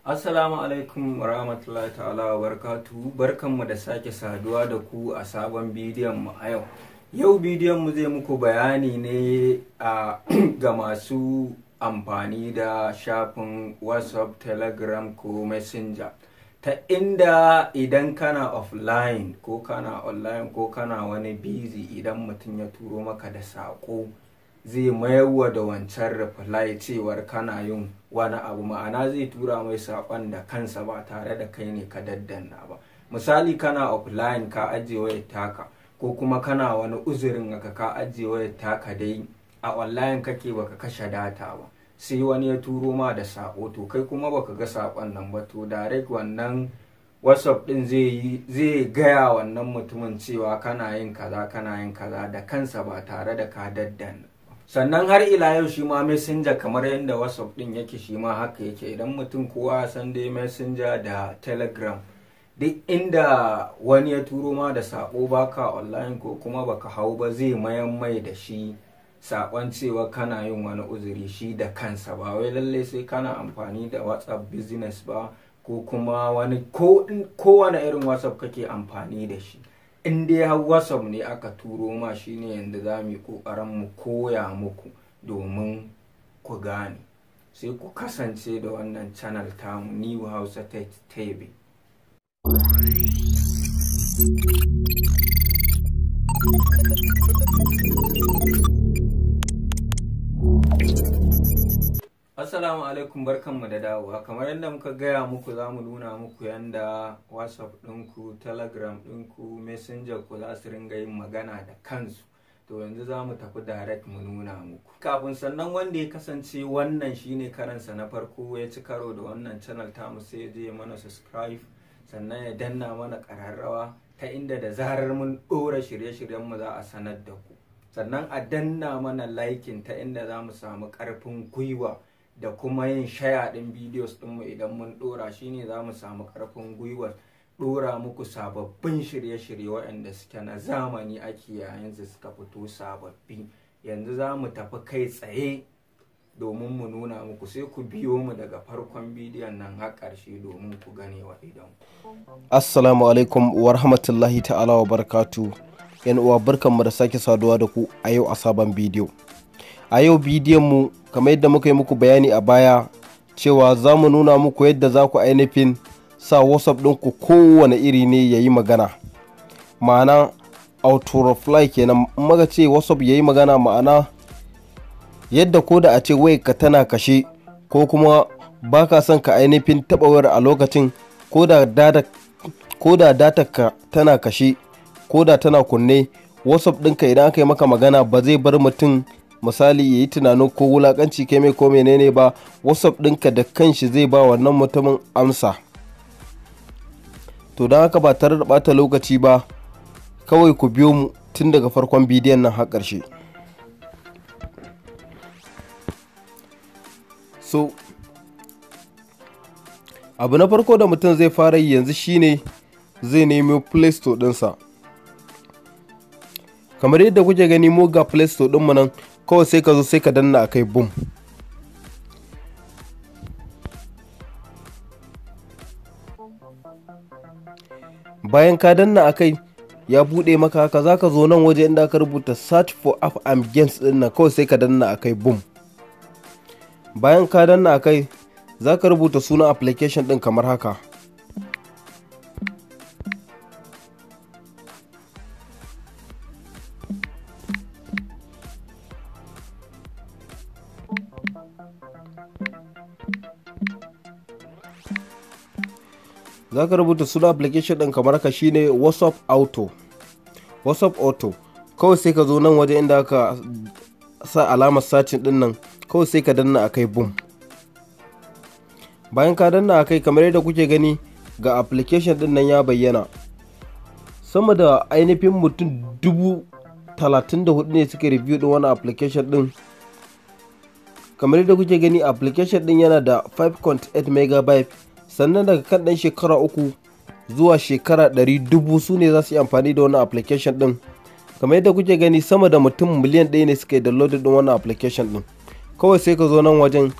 Assalamu alaikum warahmatullahi ta'ala wa barkatu. barkanmu da sake saduwa da ku a sabon bidiyon mu a yau. Yau bidiyon mu zai muku bayani ne a ga masu amfani da shafin WhatsApp, Telegram ko Messenger. Ta inda idan kana offline ko kana online ko kana wani busy idan mutum ya turo maka da saƙo. zai mayarwa da wancan reply cewar kana yin wani abu ma'ana zai tura mai saƙon da kansa ba tare da kai ne ka daddanna ba misali kana offline ka ajiye wayar taka ko kuma kana wani uzurin ka ka ajiye wayar taka dai a online kake baka kashe data ba sai wani ya turo ma da saƙo to kai kuma baka ga saƙon nan ba to direct wannan whatsapp din zai gaya wannan mutumin cewa kana yin kaza kana yin kaza da kansa ba tare da ka daddanna. sannan har ila yau shi ma messenger kamar yadda whatsapp din yake shi ma haka yake idan mutum kowa san dai messenger da telegram duk inda wani ya turo ma da sako baka online ko kuma baka hau ba zai mayan mai da shi sakon cewa kana yin wani uzuri shi da kansa ba wai lallai sai kana amfani da whatsapp business ba ko kuma wani kowane irin whatsapp kake amfani da shi in dai har whatsapp ne aka turo ma shine yadda za mu yi ƙoƙarin mu koya muku domin ku gane sai ku kasance da wannan channel mu new hausa tech tv Thank you. Assalamu alaikum barkanmu da dawowa kamar yadda muka gaya muku za mu nuna muku yanda whatsapp ɗinku telegram ɗinku messenger ku za su ringa yin magana da kansu to yanzu za mu tafi direct mu nuna muku kafin sannan wanda ya kasance wannan shine karansa na farko ya ci karo da wannan channel ta mu sai ya je mana subscribe sannan ya danna mana kararrawa ta inda da zarar mun ɗora shirye-shiryenmu za a sanar da ku sannan a danna mana liking ta inda za mu samu ƙarfin gwiwa da kuma yin shaya ɗin bidiyos ɗinmu idan mun ɗora shine za mu samu karfin gwiwar ɗora muku sababbin shirye-shirye waɗanda suke na zamani ake yayin su suka fito sababbi yanzu za mu tafi kai tsaye domin mu nuna muku sai ku biyo mu daga farkon bidiyon nan har ƙarshe domin ku gane wa idan assalamu alaikum wa rahmatullahi ta'ala wa barakatu yan uwa barkan mu da sake saduwa da ku a yau a sabon bidiyo a yau bidiyon mu kamar yadda muka yi muku bayani a baya cewa za mu nuna muku yadda za ku ainihin sa whatsapp ɗinku kowane iri ne ya yi magana ma'ana autorefly kenan maka ce whatsapp ya yi magana ma'ana yadda ko da a ce wai ka tana kashe ko kuma ba ka son ka ainihin taɓa a lokacin ko da data ka tana kashe ko da tana kunne whatsapp ɗinka idan aka yi maka magana ba zai bar mutum misali ya yi tunanin ko wulakanci kai mai ko menene ba whatsapp ɗinka da kanshi zai ba wannan mutumin amsa to don haka ba tare da bata lokaci ba kawai ku biyo mu tun daga farkon bidiyon nan har ƙarshe so abu na farko da mutum zai fara yi yanzu shine zai nemi play store ɗinsa kamar yadda kuke gani mu ga play store ɗinmu nan kawai sai ka zo sai ka danna akai boom bayan ka danna akai ya bude maka haka zaka zo nan waje inda aka rubuta search for app and games din kawai sai ka danna akai boom bayan ka danna akai zaka rubuta sunan application din kamar haka za ka rubuta suna application ɗin kamar ka shine whatsapp auto whatsapp auto kawai sai ka zo nan waje inda ka sa alamar sacin ɗin nan kawai sai ka danna akai boom bayan ka danna akai kamar yadda kuke gani ga application ɗin nan ya bayyana sama da ainihin mutum dubu talatin da hudu ne suka review din wani application ɗin kamar yadda kuke gani application ɗin yana da 5.8 megabyte sannan daga kan ɗan shekara uku zuwa shekara ɗari dubu su ne za su yi amfani da wani application ɗin kamar yadda kuke gani sama da mutum miliyan ɗaya ne suka yi downloaded ɗin wannan application ɗin kawai sai ka zo nan wajen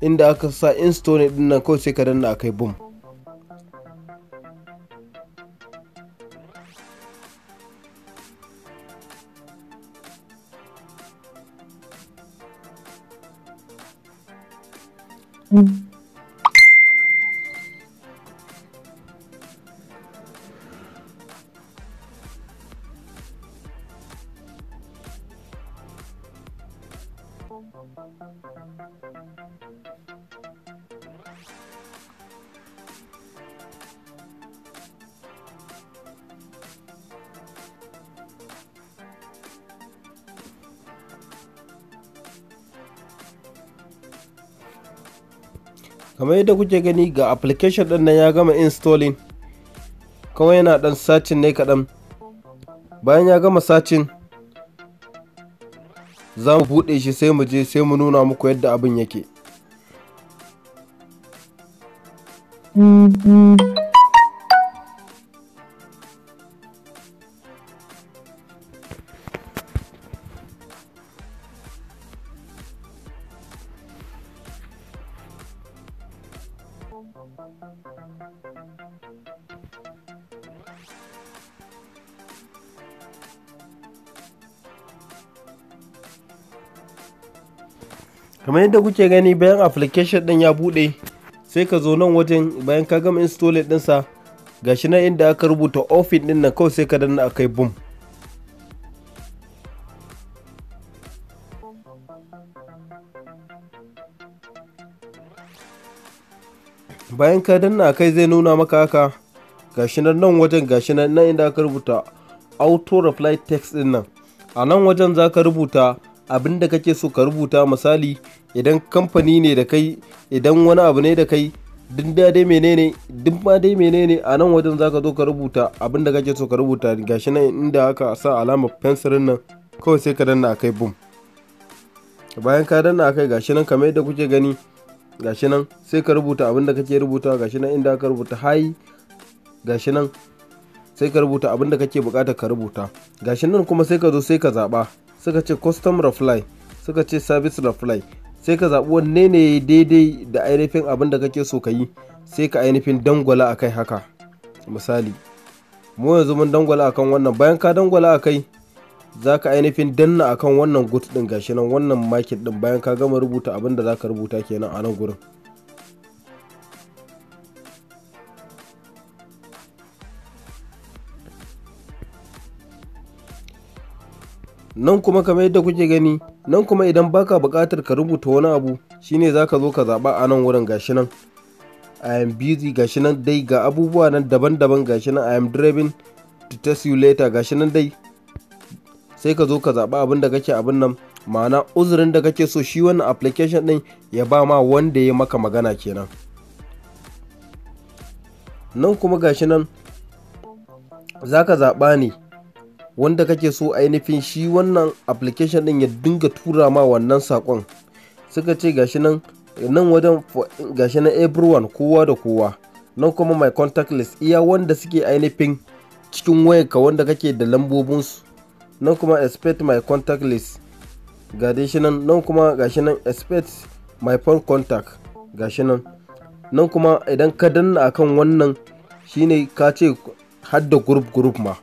inda aka sa install ɗin nan kawai sai ka danna kai boom Mm-hmm. kamar yadda kuke gani ga application din nan ya gama installing kawai yana dan sacin ne kadan bayan ya gama sacin za mu bude shi sai mu je sai mu nuna muku yadda abin yake mm, mm. kamar yadda kuke gani bayan application din ya bude sai ka zo nan wajen bayan ka gama install dinsa gashi nan inda aka rubuta office din nan kawai sai ka danna akai boom bayan ka danna kai zai nuna maka haka gashi nan nan wajen gashi nan nan inda aka rubuta auto reply text din nan a nan wajen za ka rubuta abin da kake so ka rubuta misali idan kamfani ne da kai idan wani abu ne da kai duk da dai menene duk ma dai menene a nan wajen zaka zo ka rubuta abin da kake so ka rubuta gashi nan inda aka sa alamar fensirin nan kawai sai ka danna akai bum bayan ka danna akai gashi nan kamar yadda kuke gani gashi nan sai ka rubuta abin da kake rubuta gashi nan inda aka rubuta hi gashi nan sai ka rubuta abin da kake bukata ka rubuta gashi nan kuma sai ka zo sai ka zaɓa suka ce custom reply suka ce service reply sai ka zaɓi wanne ne daidai da ainihin abin da kake so ka yi sai ka ainihin dangwala a kai haka misali mu yanzu mun dangwala akan wannan bayan ka dangwala a kai za ka ainihin danna akan wannan gut din gashi nan wannan market din bayan ka gama rubuta abin da za ka rubuta kenan a nan gurin nan kuma kamar yadda kuke gani nan kuma idan baka bukatar ka rubuta wani abu shine za ka zo ka zaɓa a nan wurin gashi nan i am busy gashi nan dai ga abubuwa nan daban-daban gashi nan i am driving to test you later gashi nan dai sai ka zo ka zaɓa abin da kake abin nan ma'ana uzurin da kake so shi wannan application din ya ba ma wanda ya maka magana kenan nan kuma gashi nan zaka zaɓa ne wanda kake so ainihin shi wannan application din ya dinga tura ma wannan sakon suka ce gashi nan nan wajen gashi na everyone kowa da kowa nan kuma my contact list iya wanda suke ainihin cikin ka wanda kake da lambobin su nan kuma expect my contact list ga dai shi nan nan kuma gashi nan expect my phone contact gashi nan nan kuma idan ka danna akan wannan shine ka ce hadda group group ma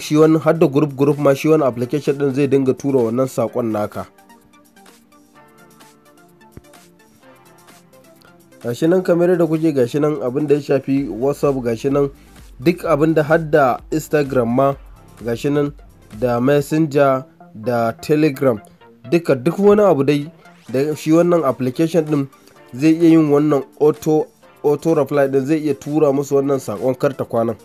shi wani har da group group ma shi wani application din zai dinga tura wannan sakon naka gashi nan kamar da kuke gashi nan abin da ya shafi whatsapp gashi nan duk abin da har da instagram ma gashi nan da messenger da telegram duka duk wani abu dai da shi wannan application din zai iya yin wannan auto auto reply din zai iya tura musu wannan sakon karta kwanan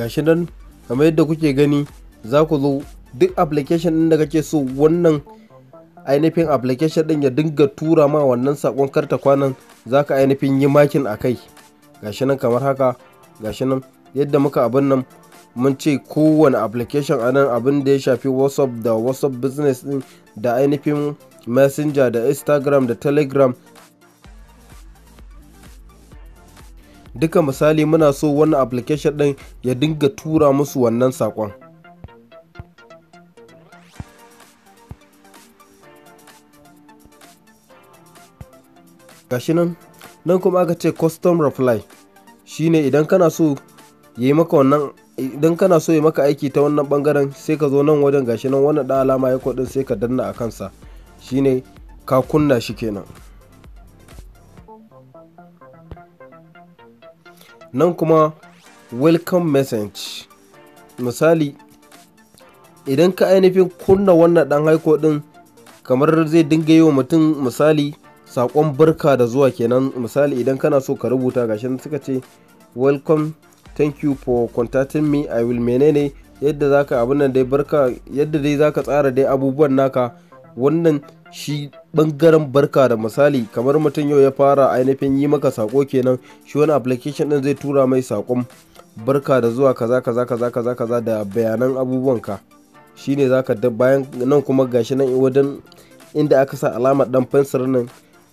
gashi nan kamar yadda kuke gani za ku zo duk application ɗin da kake so wannan ainihin application ɗin ya dinga tura ma wannan sakon karta kwanan za ka ainihin yi makin a kai gashi nan kamar haka gashi nan yadda muka abin nan mun ce kowane application a nan abin da ya shafi whatsapp da whatsapp business ɗin da ainihin messenger da instagram da telegram duka misali muna so wannan application din ya dinga tura musu wannan sakon gashinan nan kuma aka ce custom reply shine idan kana so ya yi maka wannan idan kana so ya maka aiki ta wannan bangaren sai ka zo nan wajen gashinan wannan da alama ya kwadin sai ka danna a kansa shine ka kunna shi kenan nan kuma welcome message misali idan ka ainihin kunna wannan dan haiko din kamar zai dinga yi wa mutum misali sakon barka da zuwa kenan misali idan kana so ka rubuta gashi suka ce welcome thank you for contacting me i will menene yadda zaka abin nan dai barka yadda dai zaka tsara dai abubuwan naka wannan shi bangaren barka da misali kamar mutum yau ya fara ainihin yi maka sako kenan shi wani application din zai tura mai sakon barka da zuwa kaza kaza kaza kaza kaza da bayanan abubuwanka shine zaka da bayan nan kuma gashi nan wajen inda aka sa alamar dan fensir nan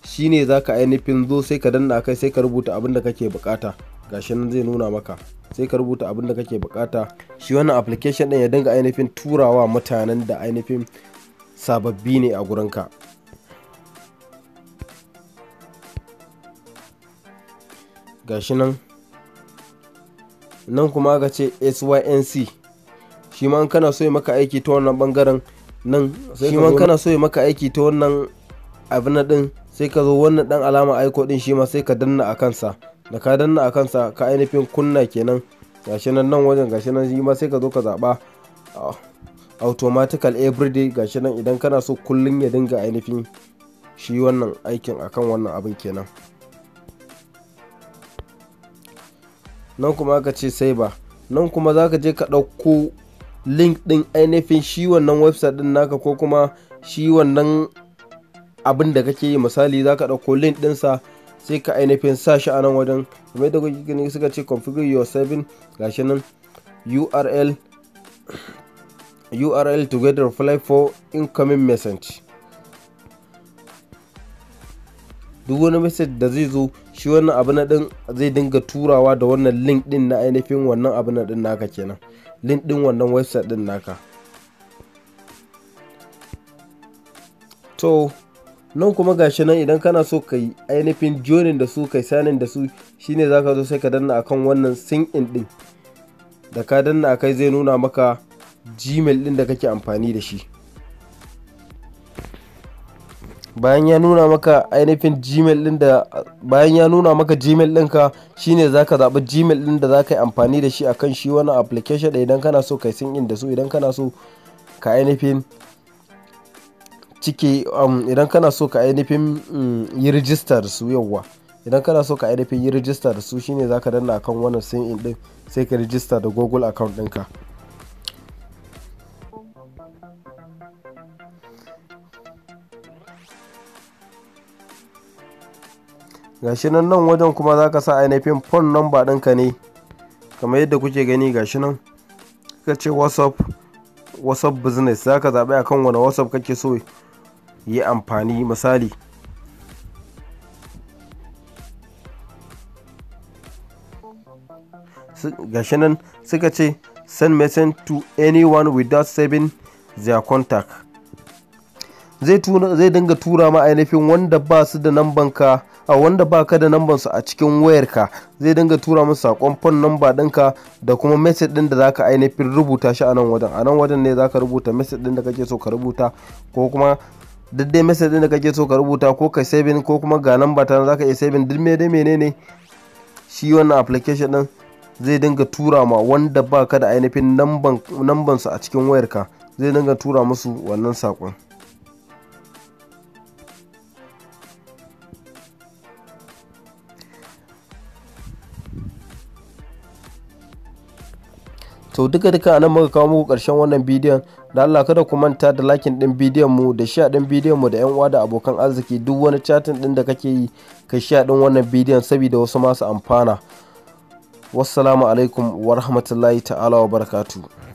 shine zaka ainihin zo sai ka danna kai sai ka rubuta abin da kake bukata gashi nan zai nuna maka sai ka rubuta abin da kake bukata shi wannan application din ya dinga ainihin turawa mutanen da ainihin sababbi ne a gurinka gashi nan nan kuma ga ce sync shi ma kana so yi maka aiki ta wannan bangaren nan shi ma kana so yi maka aiki ta wannan abin na din sai ka zo wannan dan alama aiko din shi ma sai ka danna a kansa da ka danna a kansa ka ainihin kunna kenan gashi nan nan wajen gashi nan shi ma sai ka zo ka zaba ah. automatical everyday gashi nan idan kana so kullum ya dinga ainihin shi wannan aikin akan wannan abin kenan nan kuma aka ce sai ba nan kuma za ka je ka ɗauko link ɗin ainihin shi wannan website ɗin naka ko kuma shi wannan abin da kake yi misali za ka ɗauko link ɗinsa sai ka ainihin sa shi a nan wajen kuma yadda kuke gani suka ce configure your saving gashi nan url url together fly for incoming message duk wani message da zai zo shi wannan abu na din zai dinga turawa da wannan link din na ainihin wannan abu na din naka kenan link din wannan website din naka to nan kuma gashi nan idan kana so ka yi ainihin joinin da su kai sanin da su shine zaka zo sai ka danna akan wannan sync in din da ka danna akai zai nuna maka gmail din da kake amfani da shi bayan ya nuna maka ainihin gmail ɗin da bayan ya nuna maka gmail ɗinka shine ka zaɓi gmail ɗin da za ka yi amfani da shi a kan shi wani application da idan kana so kai sin in da su idan kana so ka ainihin ciki um, idan kana so ka ainihin um, yi rijista da su yawwa idan kana so ka ainihin yi rijista da su shine ka danna akan wannan sin in din sai ka rijista da google account ɗinka gashi nan nan wajen kuma za ka sa ainihin phone number ɗinka ne kamar yadda kuke gani gashi nan ka ce whatsapp business za ka zaɓi akan wani whatsapp kake so yi amfani misali gashi nan suka ce send message to anyone without saving their contact zai dinga tura ma ainihin wanda ba su da namban ka a wanda ba ka da namban su a cikin wayarka zai dinga tura musu sakon phone number ɗinka da kuma message ɗin da za ka ainihin rubuta shi a nan wajen a nan wajen ne za ka rubuta message ɗin da kake so ka rubuta ko kuma duk dai message ɗin da kake so ka rubuta ko ka saving ko kuma ga number ta zaka iya saving duk me dai menene shi wannan application ɗin zai dinga tura ma wanda ba ka da ainihin namban su a cikin wayarka zai dinga tura musu wannan sakon. to duka duka anan muka kawo muku karshen wannan bidiyon da Allah kada ku manta da lakin din bidiyon mu da share din bidiyon mu da yan uwa da abokan arziki duk wani chatin din da kake yi ka sha din wannan bidiyon saboda wasu masu amfana wassalamu alaikum wa ta'ala wa barakatuh